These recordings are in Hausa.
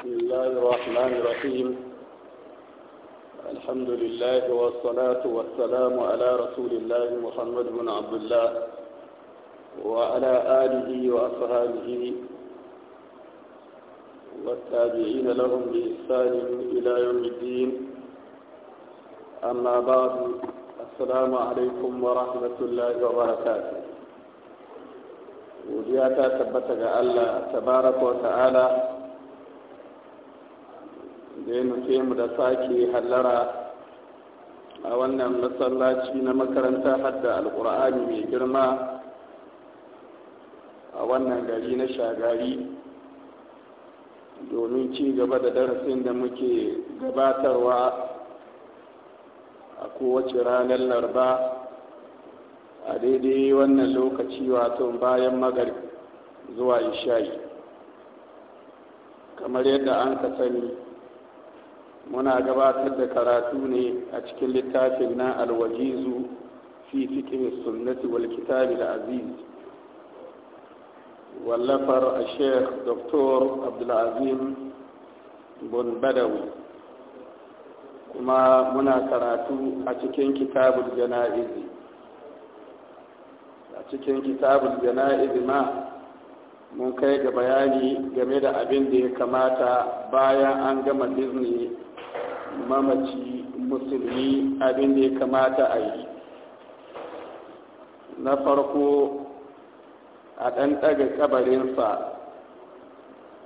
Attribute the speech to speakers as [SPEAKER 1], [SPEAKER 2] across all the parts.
[SPEAKER 1] بسم الله الرحمن الرحيم الحمد لله والصلاة والسلام على رسول الله محمد بن عبد الله وعلى آله وأصحابه والتابعين لهم بإحسان إلى يوم الدين أما بعد السلام عليكم ورحمة الله وبركاته وجاءت تبتغى الله تبارك وتعالى da ya nufe mu da sake hallara a wannan masallaci na makaranta hadda alkur'ani mai girma a wannan gari na shagari domin ci gaba da darasin da muke gabatarwa a kowace ranar larba a daidai wannan lokaci wato bayan magari zuwa isha'i kamar yadda an ka sani muna gabatar da karatu ne a cikin littafin na alwajizu fi fikin sunnati wal kitabi da aziz wallafar a sheikh dr abdulazim bin badawi kuma muna karatu a cikin kitabul jana'izi a cikin kitabul jana'izi ma mun kai ga bayani game da abin da ya kamata bayan an gama disney mamaci musulmi abin da ya kamata a yi na farko a ɗan ɗaga kabarinsa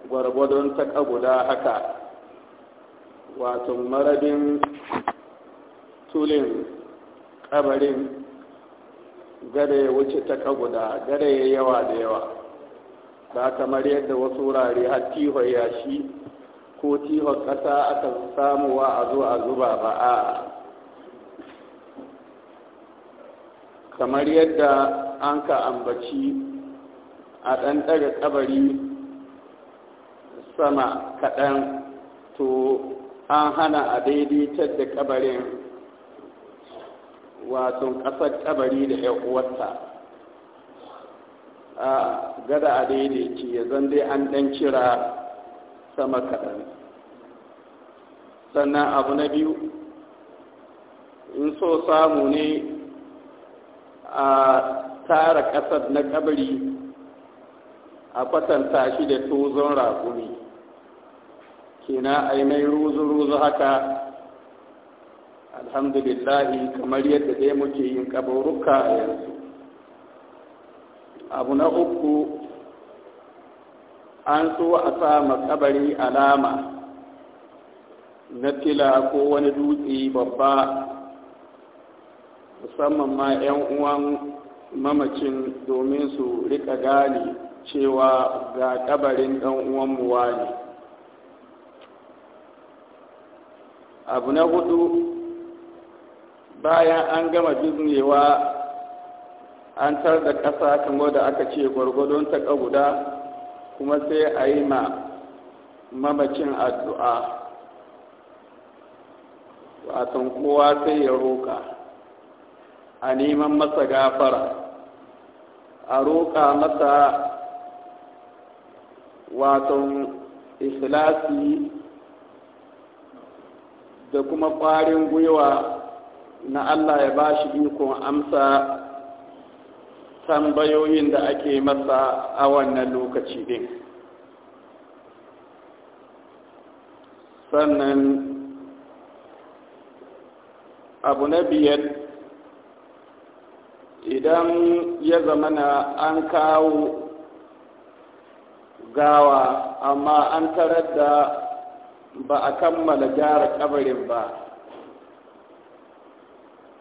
[SPEAKER 1] gwargwadon ta guda haka wato marabin tulin kabarin gada ya wuce ta guda gada ya yawa da yawa ba kamar yadda wasu wurare har tihon yashi. ko tihon ƙasa aka samuwa a zo a zuba ba a kamar yadda an ka ambaci a ɗan ɗaga ƙabari sama kaɗan to an hana a daidaitar da ƙabarin wato ƙasar ƙabari da uwarta a gada a daidaici ya zan dai an ɗan kira sama kaɗan sannan abu na biyu in so samu ne a tara ƙasar na kabari a kwatanta shi da tozon raƙumi kina a mai ruzu-ruzu haka alhamdulillahi kamar yadda dai muke yin ƙaburuka yanzu abu na uku an so a sa makabari alama na tila ko wani dutse babba musamman ma 'yan uwan mamacin domin su rika gane cewa ga kabarin ɗan uwan muwa ne abu na hudu bayan an gama biznewa an tar da ƙasa kamar da aka ce gwargwadon ta guda kuma sai a yi ma mamacin addu'a watan kowa sai ya roƙa a neman masa gafara a roƙa masa watan ikhlasi da kuma ƙwarin gwiwa na Allah ya ba shi ikon amsa tambayoyin da ake masa a wannan lokaci din sannan abu na biyar idan ya zamana an kawo gawa amma an tarar da ba a kammala gyara kabarin ba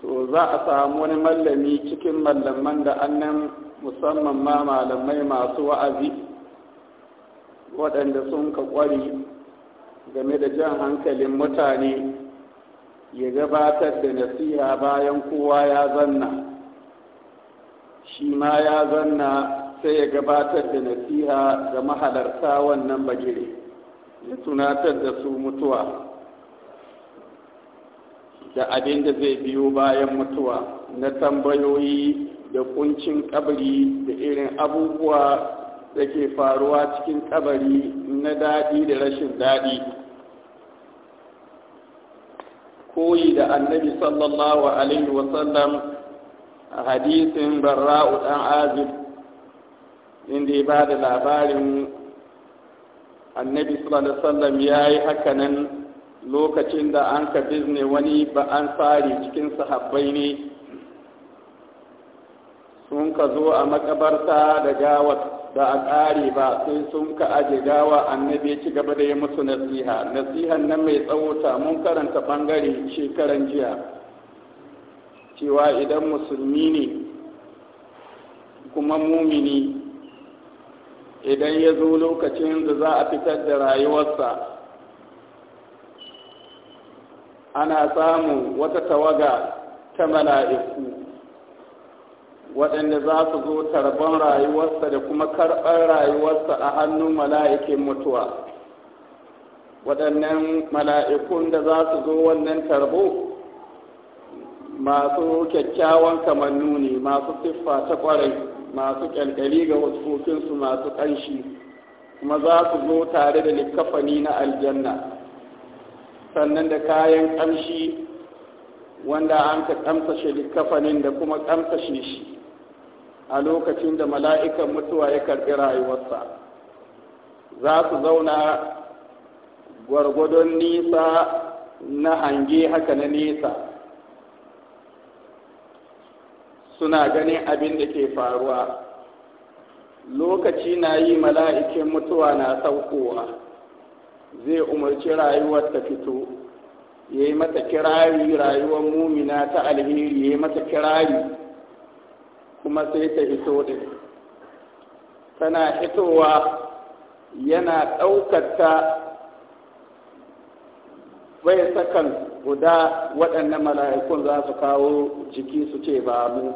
[SPEAKER 1] to za a samu wani mallami cikin mallaman da annan musamman ma malamai masu wa'azi waɗanda sun ka ƙwari game da jan hankalin mutane ya gabatar da nasiha bayan kowa ya zanna shi ma ya zanna sai ya gabatar da nasiha ga mahalarta wannan bagire ya tunatar da su mutuwa da abin da zai biyo bayan mutuwa na tambayoyi da kuncin kabari da irin abubuwa da ke faruwa cikin kabari na daɗi da rashin daɗi koyi da annabi sallallahu alaihi wasallam a hadisin barra'u ɗan azib inda ya ba da labarin annabi sallallahu alaihi wasallam ya yi hakanan lokacin da an ka bizne wani ba an tsari cikin sahabbai ne sun ka zo a makabarta da gawar da a ƙare ba sai sun ka aje gawa annabi ya ci gaba da ya musu nasiha nasihan nan mai tsawota mun karanta ɓangare shekaran jiya cewa idan musulmi ne kuma mumini idan ya zo lokacin da za a fitar da rayuwarsa ana samun wata tawaga ta mala'iku waɗanda za su zo tarban rayuwarsa da kuma karɓar rayuwarsa a hannun mala'ikin mutuwa waɗannan mala'ikun da za su zo wannan tarbo masu kyakkyawan kamannu ne masu siffa ta ƙwarai masu ƙyanƙyali ga wasu masu ƙanshi kuma za su zo tare da likkafani na aljanna sannan da kayan ƙamshi wanda an ka ƙamsashe likafanin da kuma ƙamsa shi a lokacin da mala'ikan mutuwa ya karɓi rayuwarsa za su zauna gwargwadon nisa na hange haka na nesa suna ganin abin da ke faruwa lokaci na yi mala'ikin mutuwa na saukowa zai umarci rayuwar ta fito ya yi mata kirari rayuwar mumina ta alheri ya yi mata kirari kuma sai ta fito ɗin tana fitowa
[SPEAKER 2] yana ɗaukar ta
[SPEAKER 1] bai sakan guda waɗannan mala'ikun za su kawo jiki su ce ba mu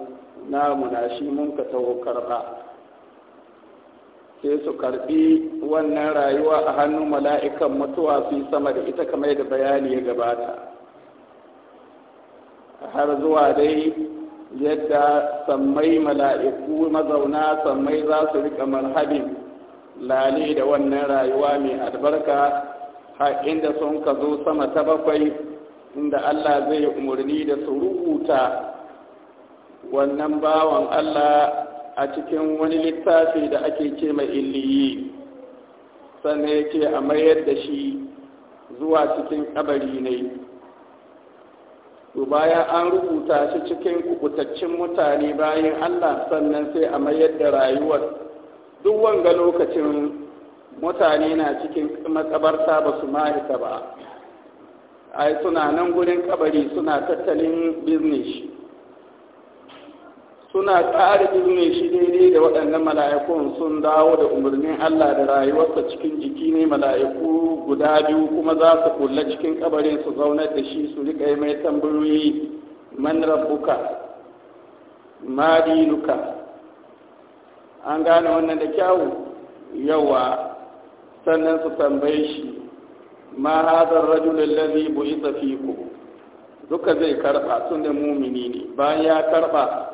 [SPEAKER 1] na muna shi mun ka taho karɓa sai su karbi wannan rayuwa a hannun mala'ikan mutuwa su yi sama da ita kamar da bayani ya gabata har zuwa dai yadda sammai mala'iku mazauna sammai za su rika marhabin lale da wannan rayuwa mai albarka har inda sun ka zo sama ta bakwai inda Allah zai umarni da su rubuta wannan bawan Allah a cikin wani littafi da ake ce mai illiyi sannan ya ce a mayar da shi zuwa cikin kabari ne to bayan an rubuta shi cikin kubutaccen mutane bayan allah sannan sai a mayar da rayuwar duk wanga lokacin mutane na cikin makabarta ba su ma'aita ba ai suna nan gurin kabari suna tattalin business suna ƙara girme shi daidai da waɗannan mala'ikun sun dawo da umarnin Allah da rayuwarsa cikin jiki ne mala'iku guda biyu kuma za su kulla cikin kabarin su zaunar da shi su riƙa mai tambayoyi man rabbuka ma an gane wannan da kyawu yawa sannan su tambaye shi ma hadar rajul yi bu'itha ku. duka zai karɓa tun da mumini ne bayan ya karɓa.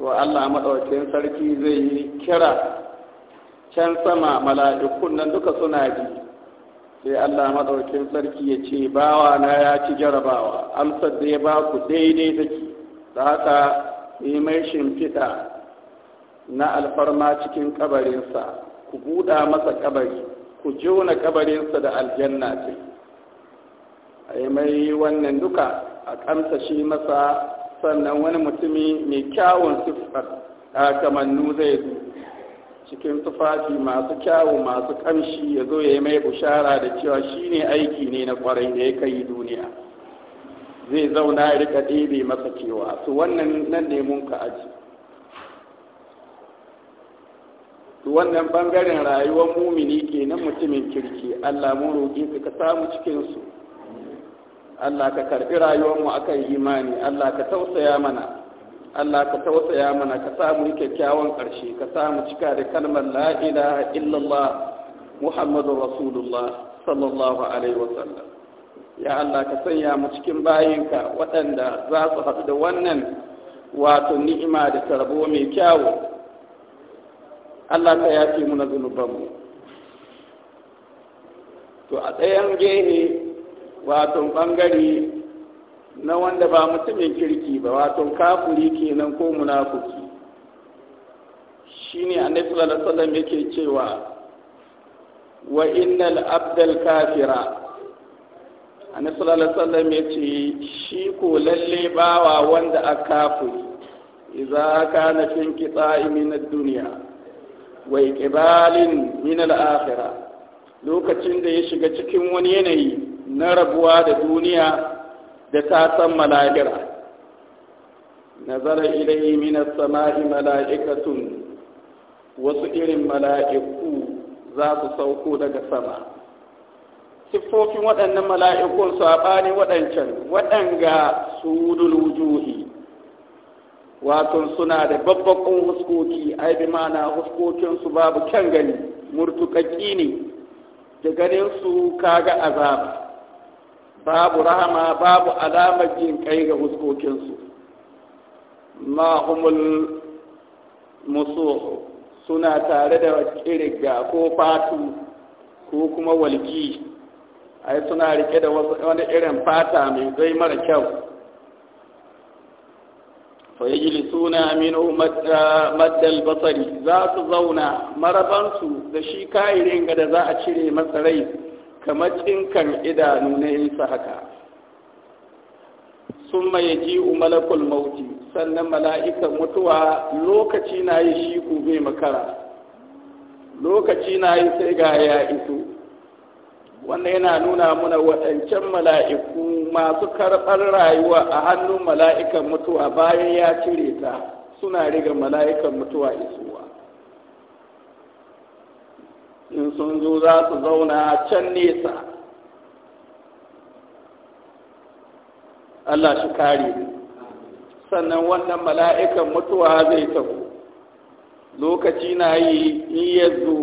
[SPEAKER 1] to Allah maɗaukin sarki zai yi kira can sama mala'ikun nan duka suna ji sai Allah maɗaukin sarki ya ce bawa na ya ci jarabawa amsar da ya ba ku daidai ki? da haka yi mai shimfiɗa na alfarma cikin kabarinsa ku buɗa masa kabari ku jona kabarinsa da aljanna ce a yi mai wannan duka a ƙamsa shi masa sannan wani mutumi mai kyawun siffar kamannu zai zo cikin tufafi masu kyawu masu kamshi ya zo ya yi mai bushara da cewa shi ne aiki ne na kwarai da ya kai duniya zai zauna ya rika ɗebe masa cewa, su wannan nan ne mun ka aji Su wannan bangaren rayuwar mumini ke nan mutumin kirki allah mun roƙi su ka samu cikinsu Allah ka karɓi rayuwarmu akan imani Allah ka tausaya mana Allah ka tausaya mana ka samu kyakkyawan ƙarshe ka samu cika da kalmar la ilaha illallah Muhammadu Rasulullah sallallahu alaihi wasallam ya Allah ka sanya mu cikin bayinka waɗanda za su haɗu da wannan wato ni'ima da tarbo mai kyawu Allah ka yafe mu na zunubanmu to a ɗayan gehe wato bangare na wanda ba mutumin kirki ba wato kafuri kenan ko munafuki shine annabi sallallahu alaihi wasallam yake cewa wa innal abdal kafira annabi sallallahu alaihi wasallam yace shi ko lalle bawa wanda a kafuri idza kana fi inqita'i min ad-dunya wa iqbalin min al-akhirah lokacin da ya shiga cikin wani yanayi na rabuwa da duniya da ta san mala'ira nazara ilayhi minas sama'i mala'ikatun wasu irin mala'iku za su sauko daga sama siffofin waɗannan mala'ikun saɓani waɗancan waɗanga su wujuhi wato suna da babbakon huskoki ai bi mana huskokinsu babu kyan gani murtuƙaƙƙi ne da su kaga azaba babu rahama babu alamar jin kai ga huskokinsu ma humul musu suna tare da kirga ko fatu ko kuma walgi ai suna rike da wani irin fata mai zai mara kyau fayajili suna aminu maddal basari za su zauna marabansu da shi kayirin ga da za a cire masa kamar cinkan idanu na yinsa haka sun maye ji malakul mauti sannan mala'ikan mutuwa lokaci na yi shi bai makara lokaci na yi sai ga ya iso wannan yana nuna muna waɗancan mala'iku masu karɓar rayuwa a hannun mala'ikan mutuwa bayan ya cire ta suna riga mala'ikan mutuwa isowa in sun zo za su zauna can nesa Allah shi kare sannan wannan mala'ikan mutuwa zai tafi lokaci na yi in ya zo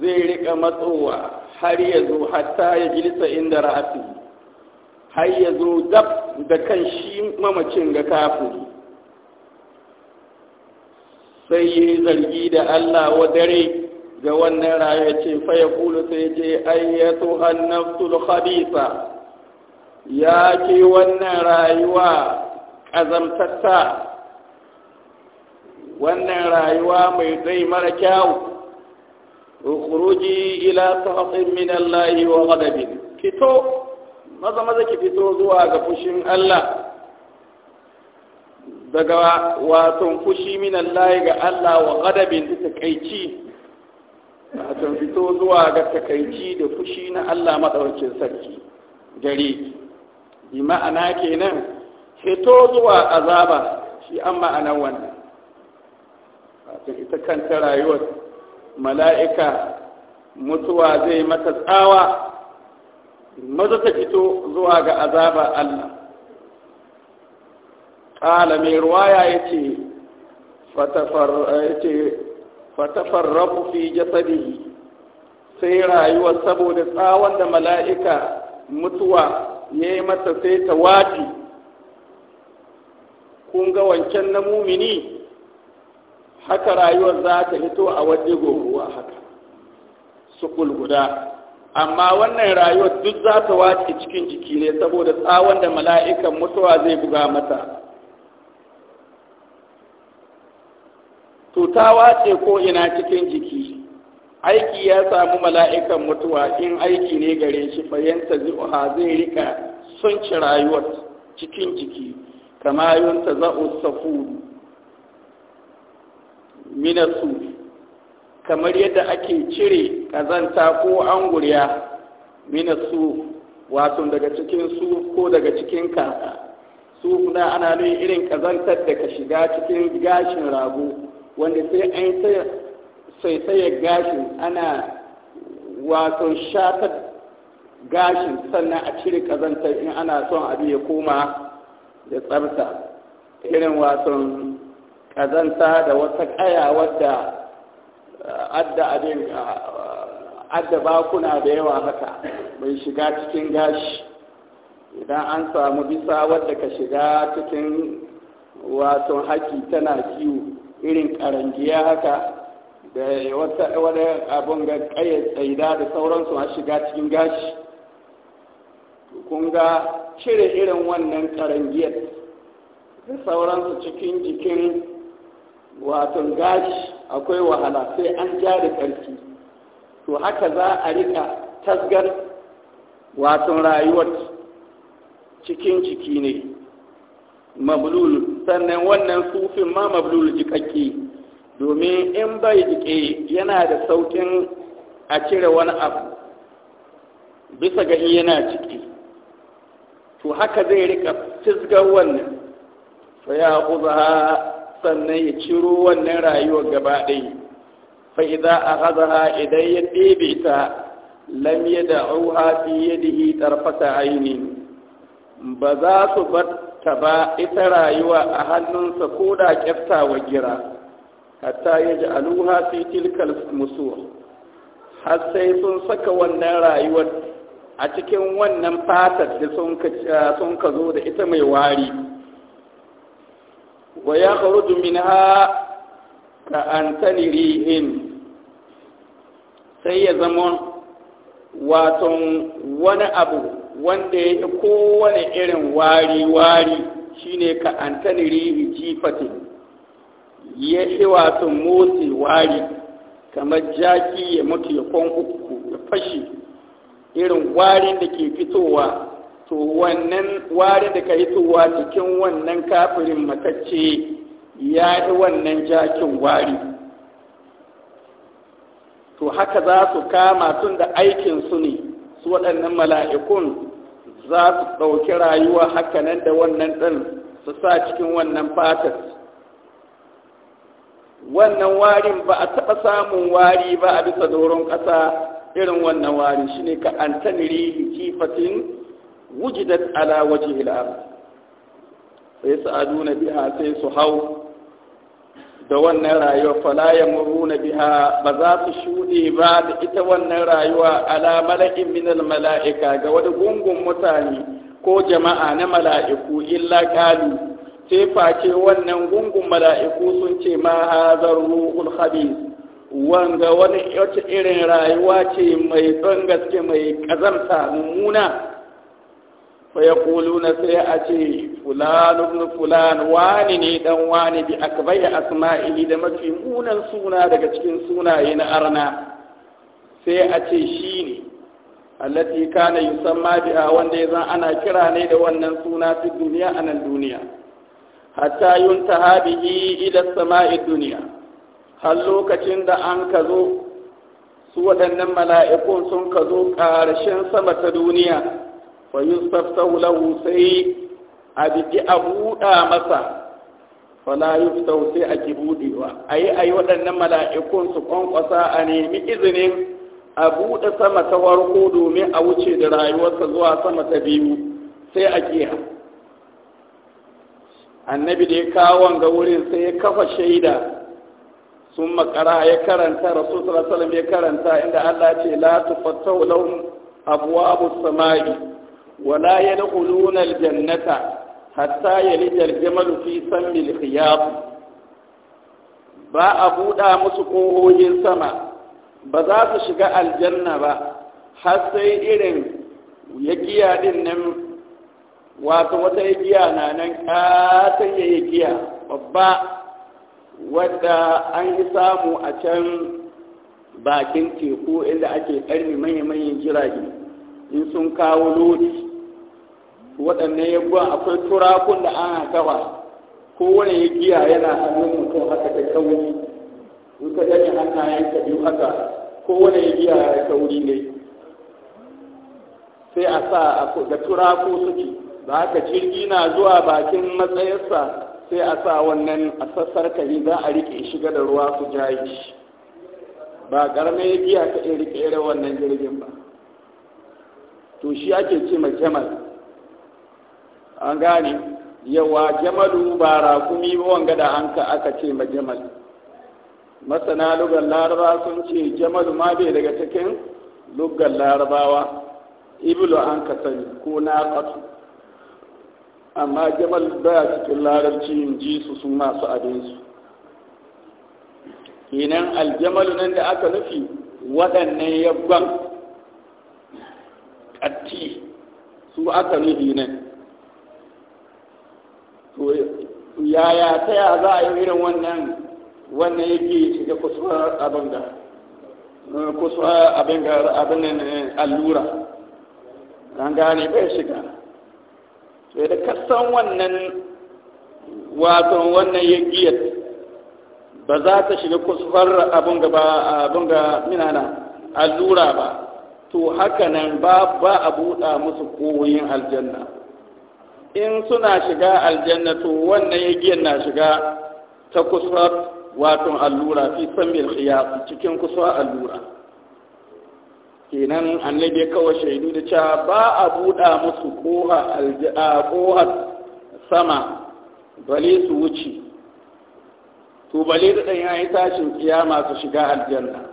[SPEAKER 1] zai riƙa matsowa har ya zo hatta ya gilisa inda rafi har ya zo dab da kan shi mamacin ga kafin. sai yi zargi da Allah wa dare ga wannan rayuwa ce fa ya kulu sai je ayyatu annafsul khabisa ya ke wannan rayuwa ƙazamtatta wannan rayuwa mai zai mara kyau ukhruji ila sa'atin min allahi wa ghadabin fito maza maza ki fito zuwa ga fushin Allah daga wato fushi min allahi ga Allah wa ghadabin ta kaici sun fito zuwa ga takaici da fushi na Allah maɗaukacin sarki gare bi ma'ana kenan fito zuwa azaba shi an ma'anar wannan wato ita kanta rayuwar mala'ika mutuwa zai mata tsawa maza ta fito zuwa ga azaba Allah ƙala mai ruwaya ya ce fatafarraku fi jasadihi sai rayuwa saboda tsawon da mala'ika mutuwa ya yi mata sai ta waɗi kun ga wancan na mumini haka rayuwar za ta hito a waje goguwa haka sukul guda amma wannan rayuwar duk za ta wace cikin jiki ne saboda tsawon da mala'ikan mutuwa zai buga mata to ta wace ko ina cikin jiki aiki ya samu mala'ikan mutuwa in aiki ne gare shi fayyanta zuwa zai rika sun ci rayuwar cikin jiki kama yunta za'u safu minasu kamar yadda ake cire kazanta ko anguriya minasu wato daga cikin su ko daga cikin kasa su na ana nuna irin kazantar da ka shiga cikin gashin rago wanda sai an saisaya gashin ana wato shatar gashin sannan a cire ƙazantar in ana son abu ya koma da tsarsa irin wasan kazanta da wata kaya wadda eh, adda abin eh, adda bakuna da yawa haka mai shiga cikin gashi idan an samu bisa wadda ka shiga cikin wato haki tana kiwo irin karangiya haka da wata abin ga kayyar tsaida da sauransu a shiga cikin gashi ga cire irin wannan karangiyar da sauransu cikin jikin watan gashi akwai wahala sai an ja da ƙarfi to haka za a rika tasgar watan rayuwar cikin ciki ne mablul sannan wannan sufin ma mablul jikakke domin in bai jike yana da saukin a cire wani abu bisa ga yana ciki to haka zai rika fisgar wannan fa ya sannan ya ciro wannan rayuwar gaba ɗaya fa idza akhadha idan ya ɗebe ta lam yad'uha fi yadihi tarfata aini ba za su bar ta ba ita rayuwa a hannunsa ko da wa gira hatta ya ji aluha fi tilkal musuwa har sai sun saka wannan rayuwar a cikin wannan fatar da sun ka zo da ita mai wari wa ya kharuju ha ka antani rihin sai ya zama waton wani abu wanda ya ƙi kowane irin wari-wari shine ka antani jifatin ya shi wato motsi wari kamar jaki ya mutu ya kwan uku ya fashe irin warin da ke fitowa to wannan warin da ka towa cikin wannan kafirin matacce ya yi wannan jakin wari to haka za su kama tun da aikinsu ne su waɗannan mala'ikun za su ɗauki rayuwa hakanan da wannan ɗin su sa cikin wannan fatar wannan warin ba a taɓa samun wari ba a bisa doron ƙasa irin wannan warin. shi ne ka an taniri kifatin wujidat ala waje sai su aduna biya sai su hau da wannan rayuwa fala ya muruna biha ba za su shuɗe ba da ita wannan rayuwa ala mala'in minal mala'ika ga wani gungun mutane ko jama'a na mala'iku illa kalu sai face wannan gungun mala'iku sun ce ma hazar ruhul wanga wani irin rayuwa ce mai tsangaske gaske mai ƙazanta mummuna Faya na sai a ce fulan ibn fulan wani ne dan wani bi akbai da mafi munan suna daga cikin sunaye na arna sai a ce shi ne allati kana yusamma biha wanda ya zan ana kira ne da wannan suna fi duniya a nan duniya hatta yuntaha bihi ila sama'i duniya har lokacin da an kazo su waɗannan mala'ikun sun kazo ƙarshen sama ta duniya fa yustaftahu lahu sai a biki a buɗa masa fala yuftahu sai a ki buɗewa ayi ayi waɗannan mala'ikun su kwankwasa a nemi izinin a buɗe sama ta warko domin a wuce da rayuwarsa zuwa sama ta biyu sai a kiya annabi da ya kawo ga wurin sai ya kafa shaida sun makara ya karanta rasu salasalam ya karanta inda Allah ce la tufattahu abuwa abu samari. wala yadkhuluna aljannata hatta yalija aljamal fi sammi alkhiyab ba a buɗa musu ƙohoyin sama ba za su shiga aljanna ba har sai irin yagiya din nan wato wata yagiya na nan ƙatan yagiya babba wadda an yi samu a can bakin teku inda ake ƙarni manya-manyan jirage in sun kawo lodi waɗannan yabuwan akwai turakun da ana ko wani ya giya yana hannun mutum haka da kauri in ka gani hannayen ka biyu haka wani ya giya ya kauri ne sai a sa da turaku suke ba haka jirgi na zuwa bakin matsayarsa sai a sa wannan a sassar kari za a rike shiga da ruwa su jaye shi ba ƙaramin ya giya ka iya rike irin wannan jirgin ba to shi ake ce ma jamal an gane yawa jamalu ba rakumi ba wanga da an aka ce ma jamal masana lugar laraba sun ce jamalu ma bai daga cikin lugar larabawa Ibilu an ka sani ko na ƙasu amma jamal ba cikin larabci in ji su sun masu abinsu kenan aljamalu nan da aka nufi waɗannan yabban ƙatti su aka nufi nan to yaya ta ya za a yi irin wannan wannan yake shiga kusurwa abin da abin da abin allura an gane bai shiga to da kasan wannan wato wannan ya yagiyar ba za ta shiga kusurwar abin ga abin ga minana allura ba to haka nan ba a buɗa musu koyin aljanna in suna shiga aljannatu wannan yagiyan na shiga ta kusa wato allura fi samir khiya cikin kusa allura kenan annabi ya kawo shaidu da cewa ba a buɗa musu koha alja'a sama bale su wuce to bale da ɗan yayi tashin kiyama su shiga aljanna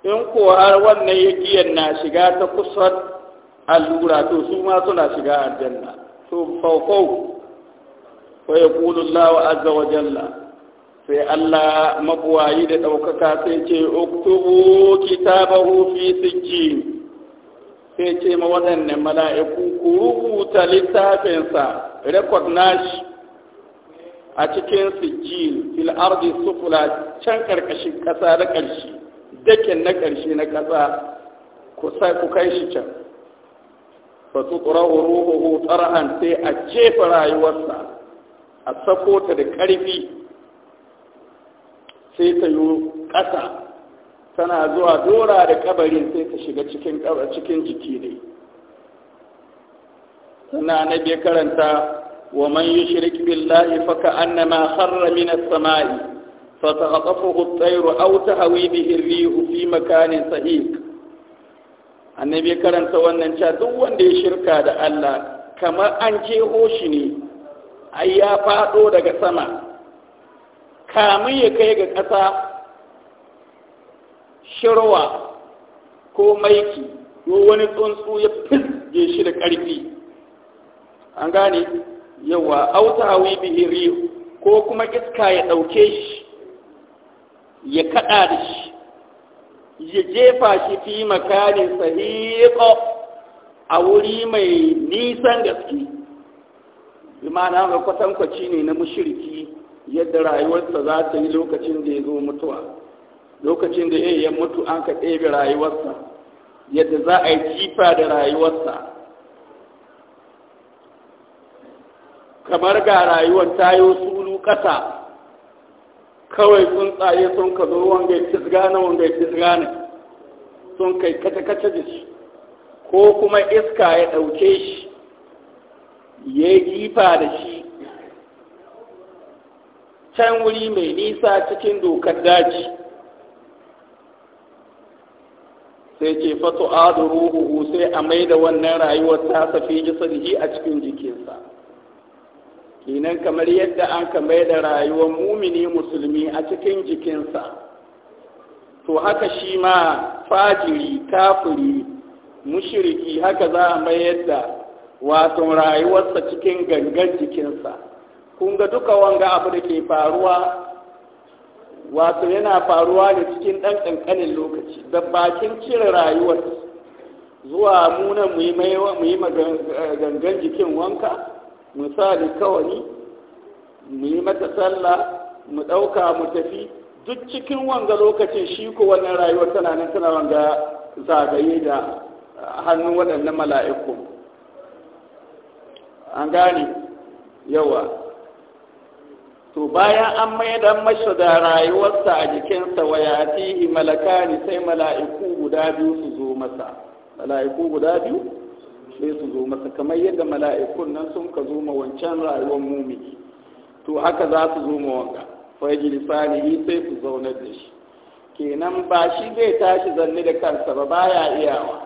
[SPEAKER 1] in ko har wannan yagiyan na shiga ta kusa allura to su ma suna shiga aljanna to faufau wa yaqulu Allah azza wa jalla sai Allah mabuwayi da ɗaukaka sai ce uktubu kitabahu fi sijjin sai ce ma waɗannan mala'iku ku rubuta littafinsa rekod nashi a cikin sijjin fil ardi sufla can karkashin ƙasa na ƙarshe dakin na ƙarshe na ƙasa ku sai ku kai shi can fa tuqra'u ruhuhu tarhan sai a jefa rayuwarsa a sako ta da ƙarfi sai ta yi ƙasa tana zuwa dora da kabarin sai ta shiga cikin cikin jiki ne sannan na biya karanta wa man yushrik billahi annama, ka'annama kharra min as-sama'i فتغطفه الطير أو تهوي به الريح في مكان annabi karanta wannan cewa duk wanda ya shirka da Allah kamar an jeho shi ne ai ya fado daga sama kamun ya kai ga ƙasa shirwa ko maiki ko wani tsuntsu ya je shi da ƙarfi an gane yawa autawi bihi ri ko kuma iska ya ɗauke shi ya kaɗa da shi ya jefa shi fi makarin sahiƙo a wuri mai nisan gaske imana ga kwatankwaci ne na mushirki yadda rayuwarsa za ta yi lokacin da ya zo mutuwa lokacin da ya mutu an ka ɗebe rayuwarsa yadda za a yi jifa da rayuwarsa kamar ga rayuwar tayo sulu ƙasa kawai tsuntsaye sun ka zo wanda ya fisgana wanda ya fisgana sun kai kace-kace da shi ko kuma iska ya ɗauke shi ya jifa da shi can wuri mai nisa cikin dokar daji sai ce fato adu ruhu sai a mai wannan rayuwar ta safi jisadihi a cikin jikinsa kinan kamar yadda an kamar da rayuwar mumini musulmi a cikin jikinsa to haka shi ma fajiri kafiri mushiriki haka za a mayar da wato rayuwarsa cikin gangan jikinsa kun ga duka wanga abu da ke faruwa wato yana faruwa ne cikin ɗan ƙanƙanin lokaci da bakin cire rayuwar zuwa munan mu yi gangan jikin wanka misali kawai kawani mu yi mata sallah mu ɗauka mu tafi duk cikin wanga lokacin shi ko wannan rayuwar tana nan tana wanga zagaye da hannun waɗannan mala'iku an gane yawa to bayan an maida masa da rayuwarsa a jikinsa wa ya malakani sai mala'iku guda biyu su zo masa mala'iku guda biyu sai su zo masa kamar yadda mala'ikun nan sun ka zo ma wancan rayuwar mumini to haka za su zo ma wanga fajiri salihi sai su zaunar da shi kenan ba shi zai tashi zanne da kansa ba baya iyawa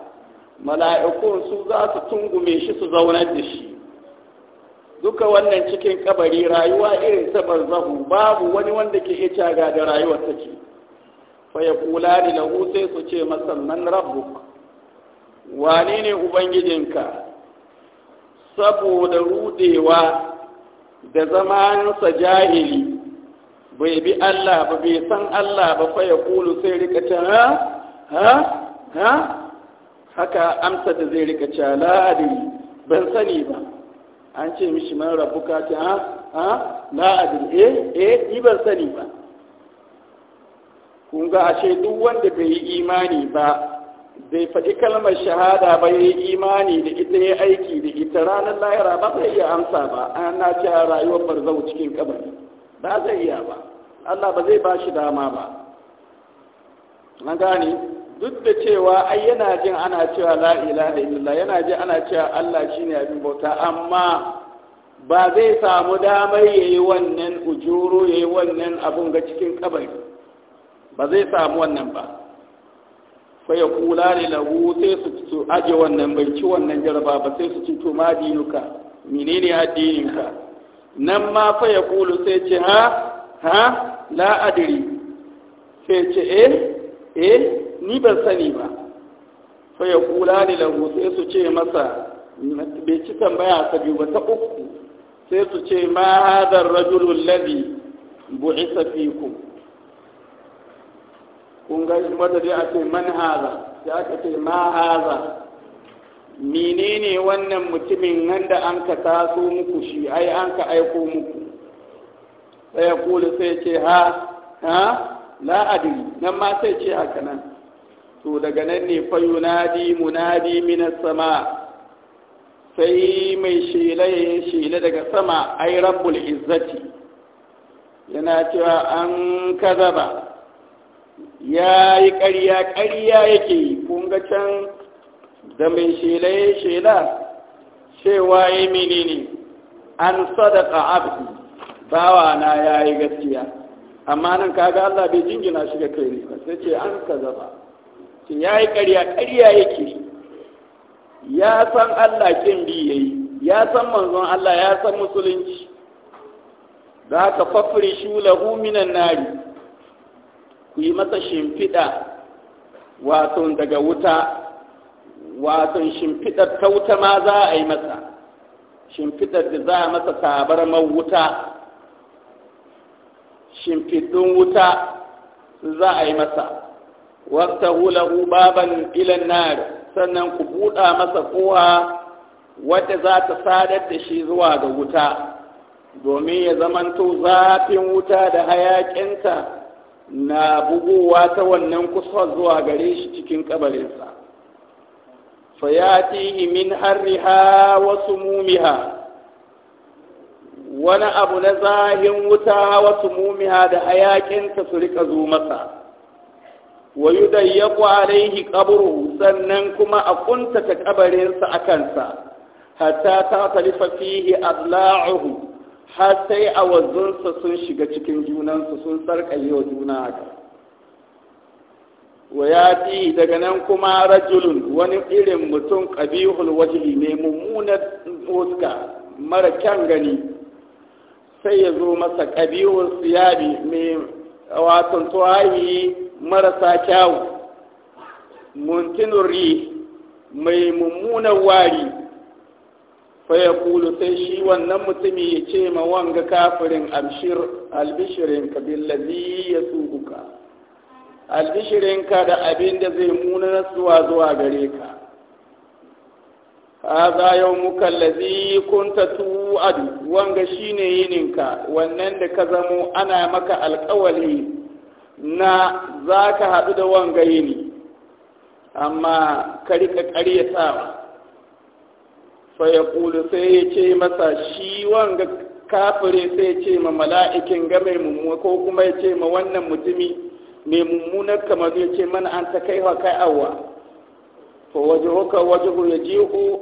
[SPEAKER 1] mala'ikun su za su tungume shi su zaunar da shi duka wannan cikin kabari rayuwa irin ta barzahu babu wani wanda ke iya caga da rayuwar take fa yaqulani lahu sai su ce masa man rabbuk wane ne ubangijinka saboda rudewa da zamaninsa jahili bai bi Allah ba bai san Allah ba fa ya kulu sai rikacin ha ha ha haka amsa da zai rikacin ta la'adiri ban sani ba an ce mishi man rabu kacin ha ha la'adiri eh eh ni ban sani ba Kunga ashe duk wanda bai yi imani ba bai faɗi kalmar shahada ba ya yi imani da ita ya aiki da ita ranar lahira ba zai iya amsa ba an na ce a rayuwar barzau cikin kabari ba zai iya ba allah ba zai ba shi dama ba na gane duk da cewa ai yana jin ana cewa la ilaha illallah yana jin ana cewa allah shine abin bauta amma ba zai samu damar ya yi wannan ujuru ya yi wannan abun ga cikin kabari ba zai samu wannan ba Faya kula ne hu? sai su aje wannan bai ci wannan jaraba ba sai su cito ma dinuka menene addininka nan ma faya kulu sai ce ha ha la adiri sai ce eh eh ni ban sani ba Faya kula ne lahu sai su ce masa bai ci tambaya ta biyu ba ta uku sai su ce ma hadar rajulul ladhi bu'isa fikum kun ga wadda dai a man haza sai aka ce ma haza menene wannan mutumin nan da an ka taso muku shi ai an ka aiko muku sai ya kula sai ce ha ha la adri nan ma sai ce haka nan to daga nan ne fa yunadi munadi minas sama sai mai shela ya shela daga sama ai rabbul izzati yana cewa an kazaba ya yi ƙarya ƙarya yake yi kunga can da mai shela ya shela cewa ya yi menene an sadaka abdi bawa na ya yi gaskiya amma nan kaga Allah bai jingina shi ga kai ne ba sai ce an ka zaba ce ya yi ƙarya ƙarya yake ya san Allah kin bi yi. ya san manzon Allah ya san musulunci da haka fafri lahu minan nari ku yi masa shimfiɗa wato daga wuta wato shimfiɗar ta wuta ma za a yi masa shimfiɗar da za a masa tabarmar wuta shimfiɗin wuta za a yi masa wata hulahu baban ilan nar sannan ku buɗa masa kowa wadda za ta sadar da shi zuwa ga wuta domin ya zamanto zafin wuta da hayaƙinta na bugowa ta wannan kusa zuwa gare shi cikin kabarinsa fayati min harriha wasu mumiha wani abu na zahin wuta wasu mumiha da hayakinta su rika zo masa wa yudayyaku alaihi kaburu sannan kuma a kuntata kabarinsa a kansa hatta ta talifa fihi adla'uhu har sai a wazunsa sun shiga cikin junansu sun sarƙaye wa juna haka wa ya fi daga nan kuma rajulun wani irin mutum ƙabihul wajili ne mummunar fuska mara kyan gani sai ya zo masa ƙabihul siyabi mai wasan tuwahi marasa kyawu muntinuri mai mummunar wari fa ya kulu sai shi wannan mutumi ya ce ma wanga kafirin amshir albishirin ka billazi ya suhuka albishirin ka da abin da zai muna nasuwa zuwa gare ka A za yau muka lazi kunta tu'adu wanga shine yininka wannan da ka zamo ana maka alkawali na za ka haɗu da wanga yini amma ka riƙa ƙaryatawa fa ya ƙulu sai ya ce masa shi wanga kafire sai ya ce ma mala'ikin ga mai mummuna ko kuma ya ce ma wannan mutumi mai mummunar kamar ya ce mana an ta kai wa kai awa fa waje huka waje ya jihu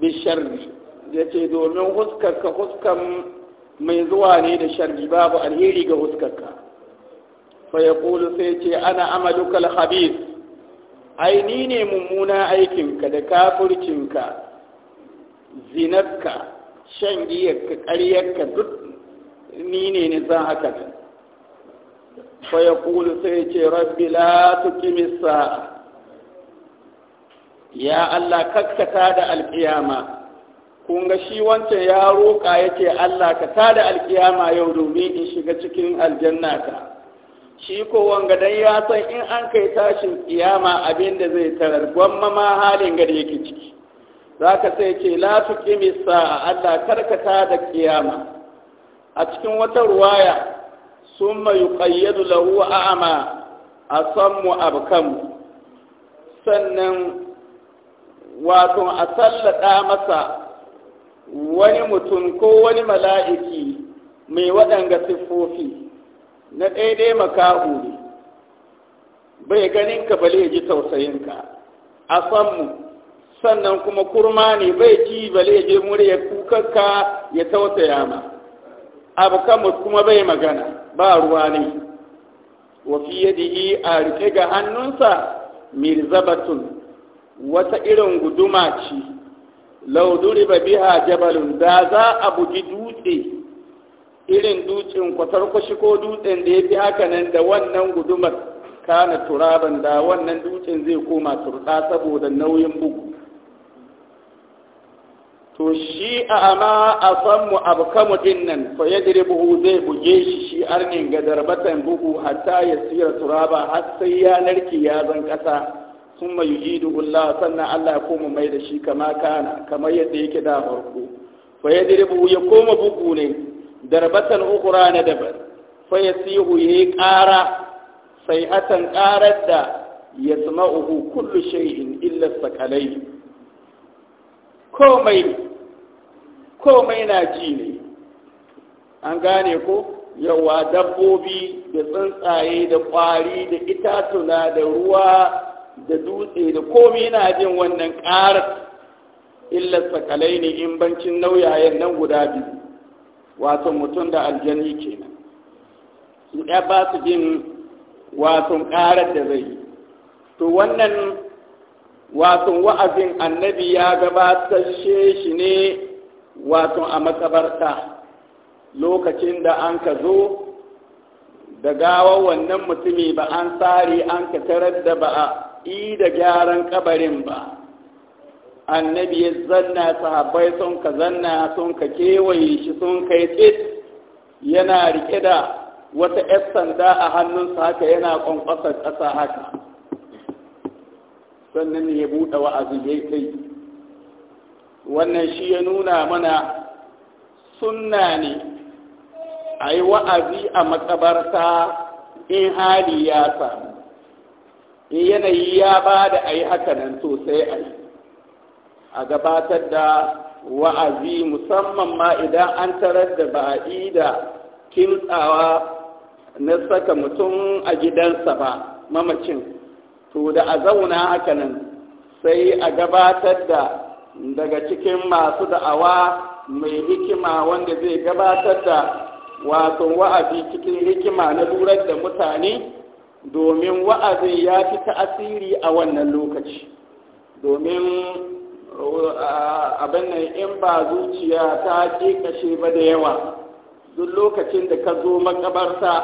[SPEAKER 1] bisharri ya ce domin huskarka huskan mai zuwa ne da sharri babu alheri ga huskarka fa ya ƙulu sai ce ana amalukal habis ai ni ne mummuna aikinka da kafircinka zinarka shan giyarka ƙaryarka duk ni ne ni zan haka ka. fa ya kulu sai ce rabbi la tukimisa ya Allah kakkata da alƙiyama kun ga shi wancan ya roƙa yake Allah ka tada alkiyama yau domin in shiga cikin aljanna ka shi ko wanga dan ya san in an kai tashin kiyama abin da zai tarar gwamma ma halin gari yake ciki za ka sai ce la tuqimi Allah karkata da kiyama a cikin wata ruwaya summa yuqayyadu lahu a'ma asammu abkam sannan wato a sallada masa wani mutum ko wani mala'iki mai waɗanga siffofi na ɗaiɗai makahu ne bai ganin ka bale ya ji tausayinka a sanmu sannan kuma kurma ne bai ji bale ya je mure ya ya tausaya ma abu kamus kuma bai magana ba ruwa ne wa fi yi a rike ga hannunsa mirzabatun wata irin guduma ce lauduri ba biha jabalun da za a buji dutse irin dutsen kwashi ko dutsen da ya fi hakanan da wannan gudumar kana turaban da wannan dutsen zai koma turɗa saboda nauyin bugu to shi a ma a mu abu kamu nan ko ya buhu zai buge shi shi arnin ga darbatan bugu hatta ya tsira turaba har sai ya narki ya zan kasa sun mai yi Allah sannan Allah ya koma mai da shi kama kana kamar yadda yake da farko ko ya buhu ya koma bugu ne darbatan ukura na daban fa ya sihu ya yi ƙara sai hatan ƙarar da ya uku, kullu shay'in illa sakalai komai komai na ji ne an gane ko yawa dabbobi da tsuntsaye da ƙwari da itatuna da ruwa da dutse da komai na jin wannan ƙara illa sakalai ne in bancin nauyayen nan guda biyu wato mutum da aljani kenan su ɗaya ba su jin wato ƙarar da zai yi to wannan wato wa'azin annabi ya gabatar shi ne wato a makabarta lokacin da an ka zo da gawa wannan mutumi ba an tsari an ka tarar da ba a yi da gyaran kabarin ba annabi ya zanna sahabbai sun ka zanna sun ka kewaye shi sun kai tsit yana rike da wata 'yar sanda a hannunsa haka yana kwankwasar ƙasa haka sannan ya buɗe wa'azi ya kai wannan shi ya nuna mana sunna ne a yi wa'azi a matsabarta in hali ya samu in yanayi ya ba da a yi hakanan sosai a yi a gabatar da wa'azi musamman ma idan an tarar da ba'i da kimtsawa na saka mutum a gidansa ba mamacin to da a zauna hakanan sai a gabatar da daga cikin masu da'awa mai hikima wanda zai gabatar da wato wa'azi cikin hikima na durar da mutane domin wa'azi ya fi ta'asiri a wannan lokaci domin abinnan in ba zuciya ta ce kashe ba da yawa duk lokacin da ka zo makabarta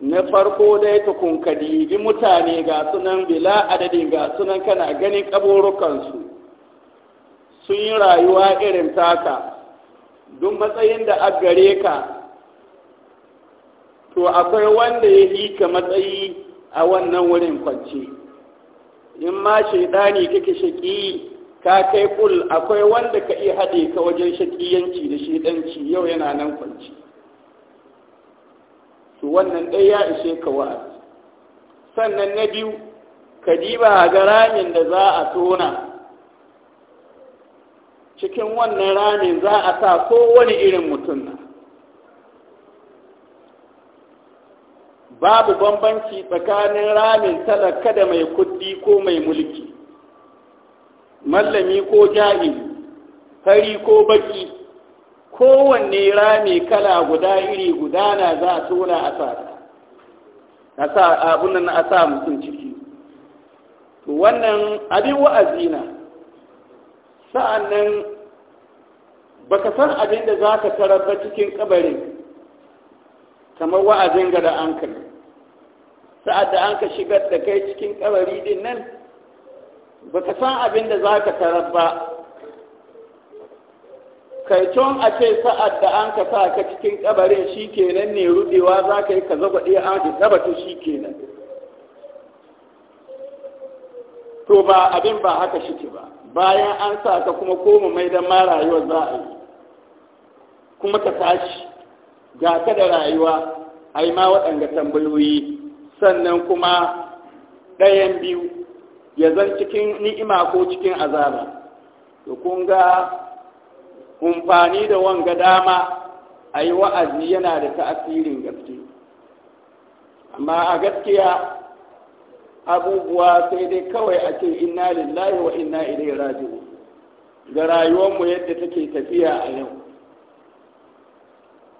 [SPEAKER 1] na farko dai ta kunkadi mutane ga sunan bila adadin ga sunan kana ganin kaborukansu sun yi rayuwa irin taka duk matsayin da aka gare ka to akwai wanda ya yi ka matsayi a wannan wurin kwanci in ma shaidani kake shaƙi ka kai kul akwai wanda ka iya haɗe ka wajen shaƙiyanci da shaidanci yau yana nan kwanci to wannan ɗaya ya ishe ka wa sannan na biyu ka diba ga ramin da za a tona cikin wannan ramin za a sa ko wani irin mutum na babu bambanci tsakanin ramin talaka da mai kuɗi ko mai mulki mallami ko Jami, fari ko baki kowanne rami kala guda iri guda na za a tona a sa abunan a sa mutum ciki wannan abin wa'azi na sa'annan ka san abin da za ka tarar ba cikin kabarin kamar wa'azin ga da an kan sa'ad da an ka shigar da kai cikin kabari din nan ka san abin da za ka tarar ba kaiton a ce sa'ad da an ka sa ka cikin kabarin shi kenan ne rudewa za ka yi ka ɗaya an ka gabata shi kenan to ba abin ba haka shi ba bayan an sa ka kuma koma mai da ma rayuwar za a yi kuma ka tashi ga ka da rayuwa a yi ma waɗanda tambayoyi sannan kuma ɗayan biyu ya zan cikin ni'ima ko cikin azaba to kun ga umfani da wanga dama a yi wa'azi yana da ta'asirin gaske amma a gaskiya abubuwa sai dai kawai a ce inna lillahi wa inna ilaihi raji'un ga rayuwarmu yadda take tafiya a yau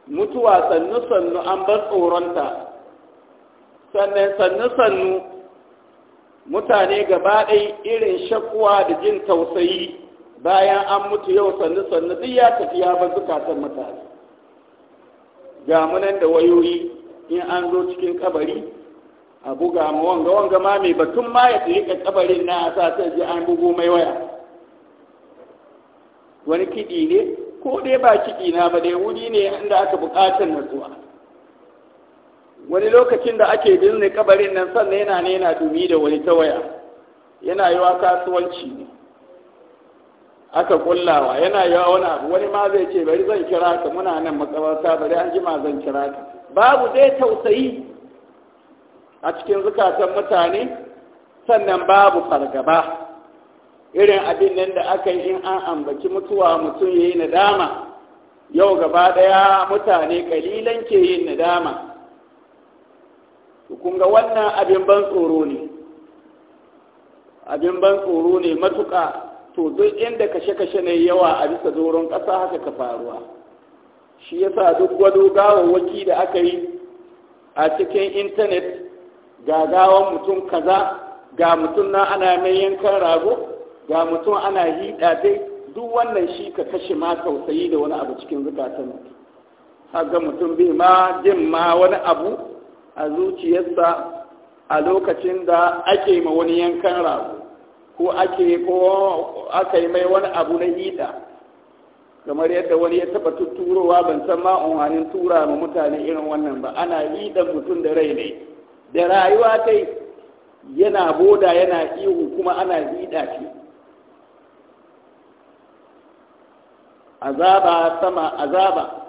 [SPEAKER 1] mutuwa sannu-sannu an bar tsoronta sannan sannu-sannu mutane gaba ɗai irin shakuwa da jin tausayi bayan an mutu yau sannu-sannu duk ya tafi ya bar zukatan mutane ga da wayoyi in an zo cikin kabari a buga ma wanga wanga ma mai batun ma ya rika kabarin na sa ta ji an bugu mai waya wani kiɗi ne ko dai ba kiɗi na ba dai wuri ne inda aka buƙatar natsuwa wani lokacin da ake binne kabarin nan sannan yana ne yana dumi da wani ta waya yana yawa kasuwanci ne aka kullawa yana yawa wani abu wani ma zai ce bari zan kira ka muna nan makabarta bari an jima zan kira ka babu dai tausayi a cikin zukatan mutane sannan babu fargaba irin abin nan da aka yi in an ambaci mutuwa mutum ya yi nadama yau gaba ɗaya mutane ƙalilan ke yin nadama ga wannan abin ban tsoro ne abin ban tsoro ne matuƙa to duk inda kashe-kashe ne yawa a bisa doron ƙasa haka ka faruwa shi yasa duk wani gawawwaki da aka yi a cikin intanet ga gawan mutum kaza ga mutum na ana mai yankan rago ga mutum ana hiɗa dai duk wannan shi ka kashe ma tausayi da wani abu cikin zukatan mutum haka mutum bai ma jin ma wani abu a zuciyarsa a lokacin da ake ma wani yankan rago ko ake ko aka yi mai wani abu na hida kamar yadda wani ya taba tutturowa ban san ma unhanin tura ma mutane irin wannan ba ana hidan mutum da rai ne da rayuwa kai yana boda yana ihu kuma ana hida shi azaba sama azaba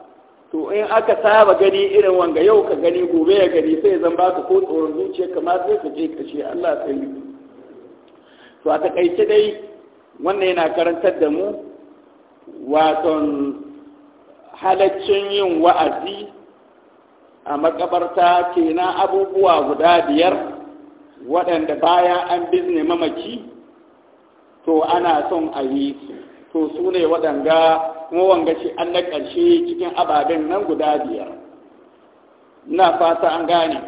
[SPEAKER 1] to in aka saba gani irin wanga yau ka gani gobe ya gani sai zan ba ka ko tsoron zuciya kamar sai ka je ka Allah sai to a takaice dai wannan yana karantar da mu waton halaccin yin wa'azi a makabarta kenan abubuwa guda biyar waɗanda bayan an bizne mamaki to ana son a yi to su ne waɗanga kuma wanga shi an na ƙarshe cikin ababen nan guda biyar na fata an gane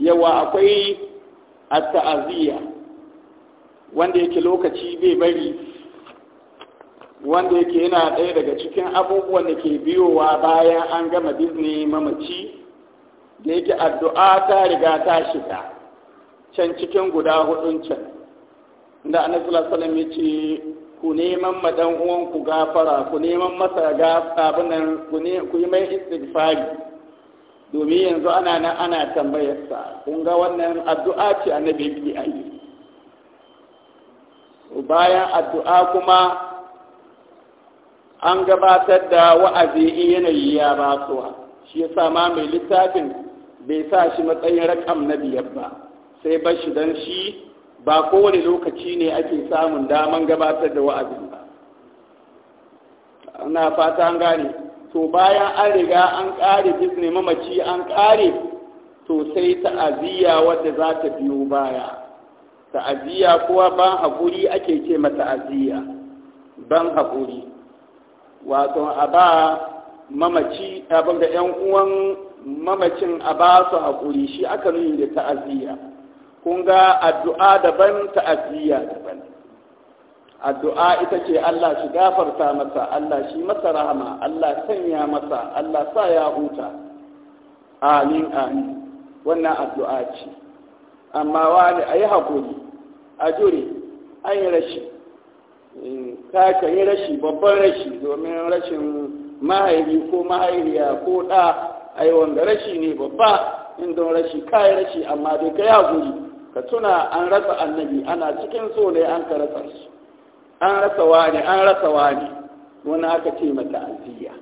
[SPEAKER 1] yawa akwai a ta'aziyya wanda yake lokaci bai bari wanda yake yana ɗaya daga cikin abubuwan da ke biyowa bayan an gama bizne mamaci da yake addu'a ta riga ta shiga can cikin guda hudun can da annabi sallallahu alaihi ya ce ku neman ma uwan ku gafara ku neman masa gafara nan ku yi mai istighfari domin yanzu ana nan ana tambayarsa kun ga wannan addu'a ce annabi yake ayi bayan addu'a kuma an gabatar da wa'azi yanayi ya basuwa shi ya sama mai littafin bai sa shi matsayin rakam na biyar ba sai bashi shi don shi ba kowane lokaci ne ake samun daman gabatar da wa'azin ba na fata an gane to bayan an riga an kare ne mamaci an kare to sai ta'aziyya wadda za ta biyo baya ta'aziyya kuwa ban haƙuri ake ce ta'aziya ban haƙuri wato a ba mamaci abin da ‘yan uwan mamacin a ba su haƙuri shi aka nuni da ta'aziyya kun ga addu'a daban ta'aziyya daban addu'a ita ce Allah shi gafarta masa Allah shi masa rahama Allah sanya masa Allah sa ya huta amin amin wannan addu'a ce amma wani a yi haƙuri a jure an yi rashi eh, ka yi rashi babban rashi domin rashin mahaifi ko mahaifiya ko ɗa ai wanda rashi ne babba in don rashi kai rashi amma dai ka ya guri ka tuna an rasa annabi ana cikin so ne an ka rasa su an rasa wani an rasa wani wani aka ce mata aziya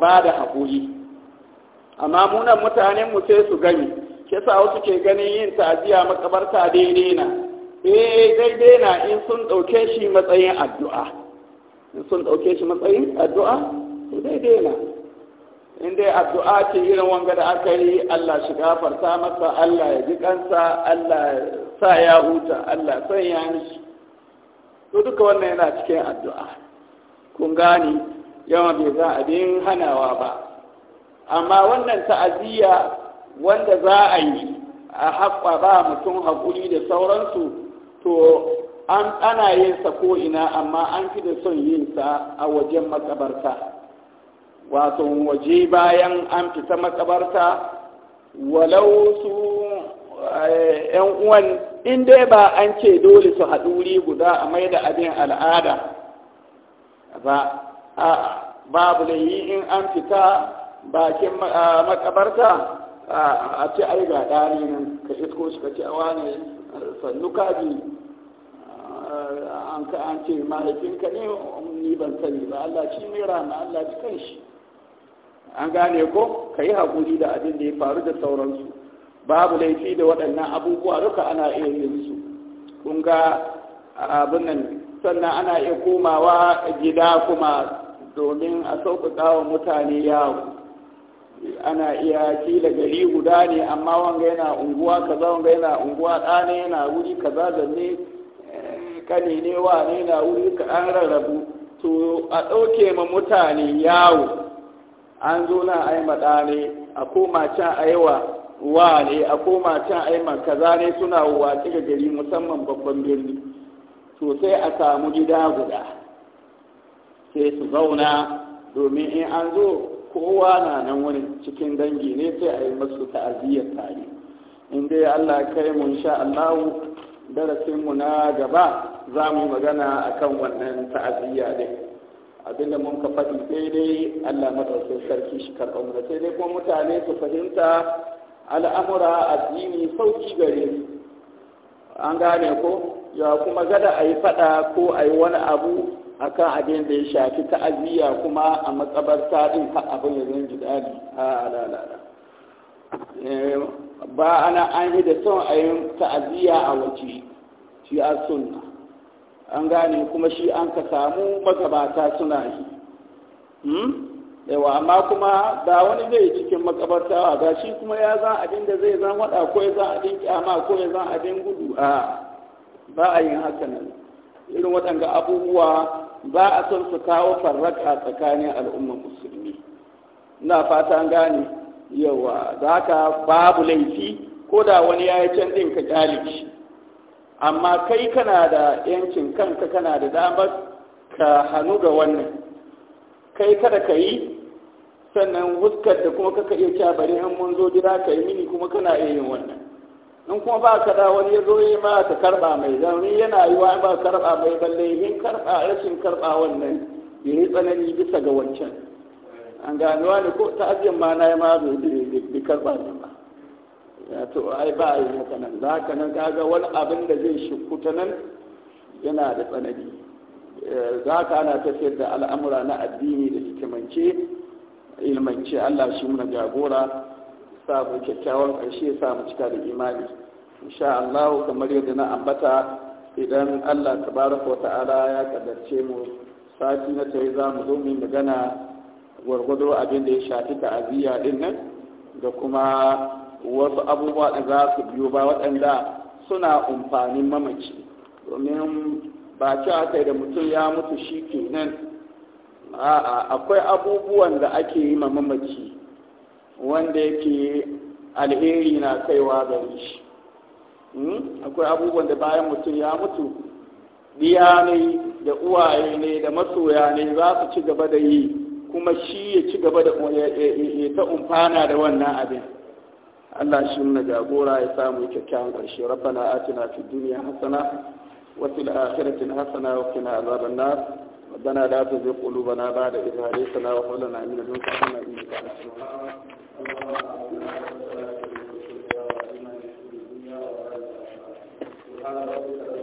[SPEAKER 1] ba da haƙuri amma munan mutanen mu sai su gani kisa wasu ke ganin yin ta'aziyya makabarta daidai na eh daidai na in sun ɗauke shi matsayin addu'a sun ɗauke shi matsayin addu'a to zai daina in dai addu'a ce irin wanga da aka yi Allah shi gafarta masa Allah ya ji kansa Allah sa ya huta Allah san ya shi. to duka wannan yana cikin addu'a kun gani yawan bai za a abin hanawa ba amma wannan ta'aziyya wanda za a yi a haƙwa ba mutum haƙuri da sauransu to an ana yin sa ko ina amma an fi da son yin sa a wajen makabarta wato waje bayan an fita makabarta
[SPEAKER 2] walau
[SPEAKER 1] su eh, yan uwan in dai ba an ce dole su haɗuri guda a mai da abin al'ada ba a babu da yi in an fita bakin makabarta a ce ai ga ɗari nan ka isko shi ka ce awa ne sannu kaji an ka an ce mahaifinka ne ni ban sani ba Allah shi mai rana Allah ji kan an gane ko ka yi haƙuri da abin da ya faru da sauransu babu laifi da waɗannan abubuwa duka ana iya yin su kun ga abin nan sannan ana iya komawa gida kuma domin a sauƙaƙa wa mutane yawo ana iya kila gari guda ne amma wanga yana unguwa kaza wanga yana unguwa ɗane yana wuri kaza da ne kane ne wa na wuri ka an rarrabu to a ɗauke ma mutane yawo an zo na a yi ne a koma can a yi wa ne a koma can a yi kaza ne suna wace ga gari musamman babban birni to sai a samu gida guda sai su zauna domin in an zo kowa na nan wani cikin dangi ne sai a yi masu ta'aziyyar tare in dai allah kai mun sha allahu darasinmu na gaba za mu yi magana a kan wannan ta'aziyya din abinda mun ka faɗi daidai allah maɗaukin sarki shi karɓar mu sai dai kuma mutane su fahimta al'amura addini sauki gare an gane ko ya kuma gada a yi faɗa ko a yi wani abu a kan abin da ya shafi ta'aziyya kuma a matsabar din har abin ya zan ji daɗi a alalala ba ana an yi da son a yi ta'aziyya a waje shi a sunna an gane kuma shi an ka samu magabata suna yi hmm? yawa amma kuma ba wani zai cikin makabarta ba shi kuma ya zan abin da zai zan wada ko ya zan abin kyama ko ya zan abin gudu a ba a yin haka nan irin waɗanga abubuwa ba a son su kawo farraka tsakanin al'ummar musulmi na fata gane yawa za ka babu laifi ko da wani ya yi can ɗin ka amma kai kana da yancin kanka kana da damar ka hannu ga wannan kai kada ka yi sannan wuskar da kuma kaka iya cewa bari in mun zo gida ka yi mini kuma kana iya yin wannan in kuma ba ka da wani ya zo yi ma ka karɓa mai zaune yana yi wa ba karɓa mai balle yin karɓa rashin karɓa wannan ya yi tsanani bisa ga wancan an gane wani ko ta'aziyyan ma na yi ma bai karɓa ne ba ya to ai ba a yi haka nan za ka nan kaga wani abin da zai ta nan yana da tsanani za eh, ka ana tafiyar da al'amura na addini da hikimance ilmance allah shi muna jagora samu kyakkyawan ƙarshe sa cika da imani insha allah kamar yadda na ambata idan allah tabaraka wa ta'ala ya kaddace mu sati na tare za mu zo mu magana gwargwado abin da ya shafi ta'aziyya din nan da kuma wasu abubuwa da za su biyo ba waɗanda suna umfanin mamaci domin ba ci aka da mutum ya mutu shi ke a'a akwai abubuwan da ake yi ma mamaci wanda yake alheri na kaiwa gari shi hmm? akwai abubuwan da bayan mutum ya mutu diya ne da uwaye ne da masoya ne za su ci gaba da yi kuma shi ya ci gaba da ya ta umfana da wannan abin Allah shi na jagora ya samu kyakkyawan ƙarshe rabbana atina fid dunya hasana wa fil akhirati hasana wa qina azaban nar ربنا لا تزغ قلوبنا بعد إذ هديتنا وهب لنا من لدنك رحمة إنك أنت الوهاب